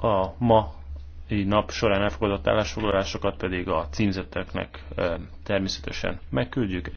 A ma nap során elfogadott állásfoglalásokat pedig a címzetteknek eh, természetesen megküldjük.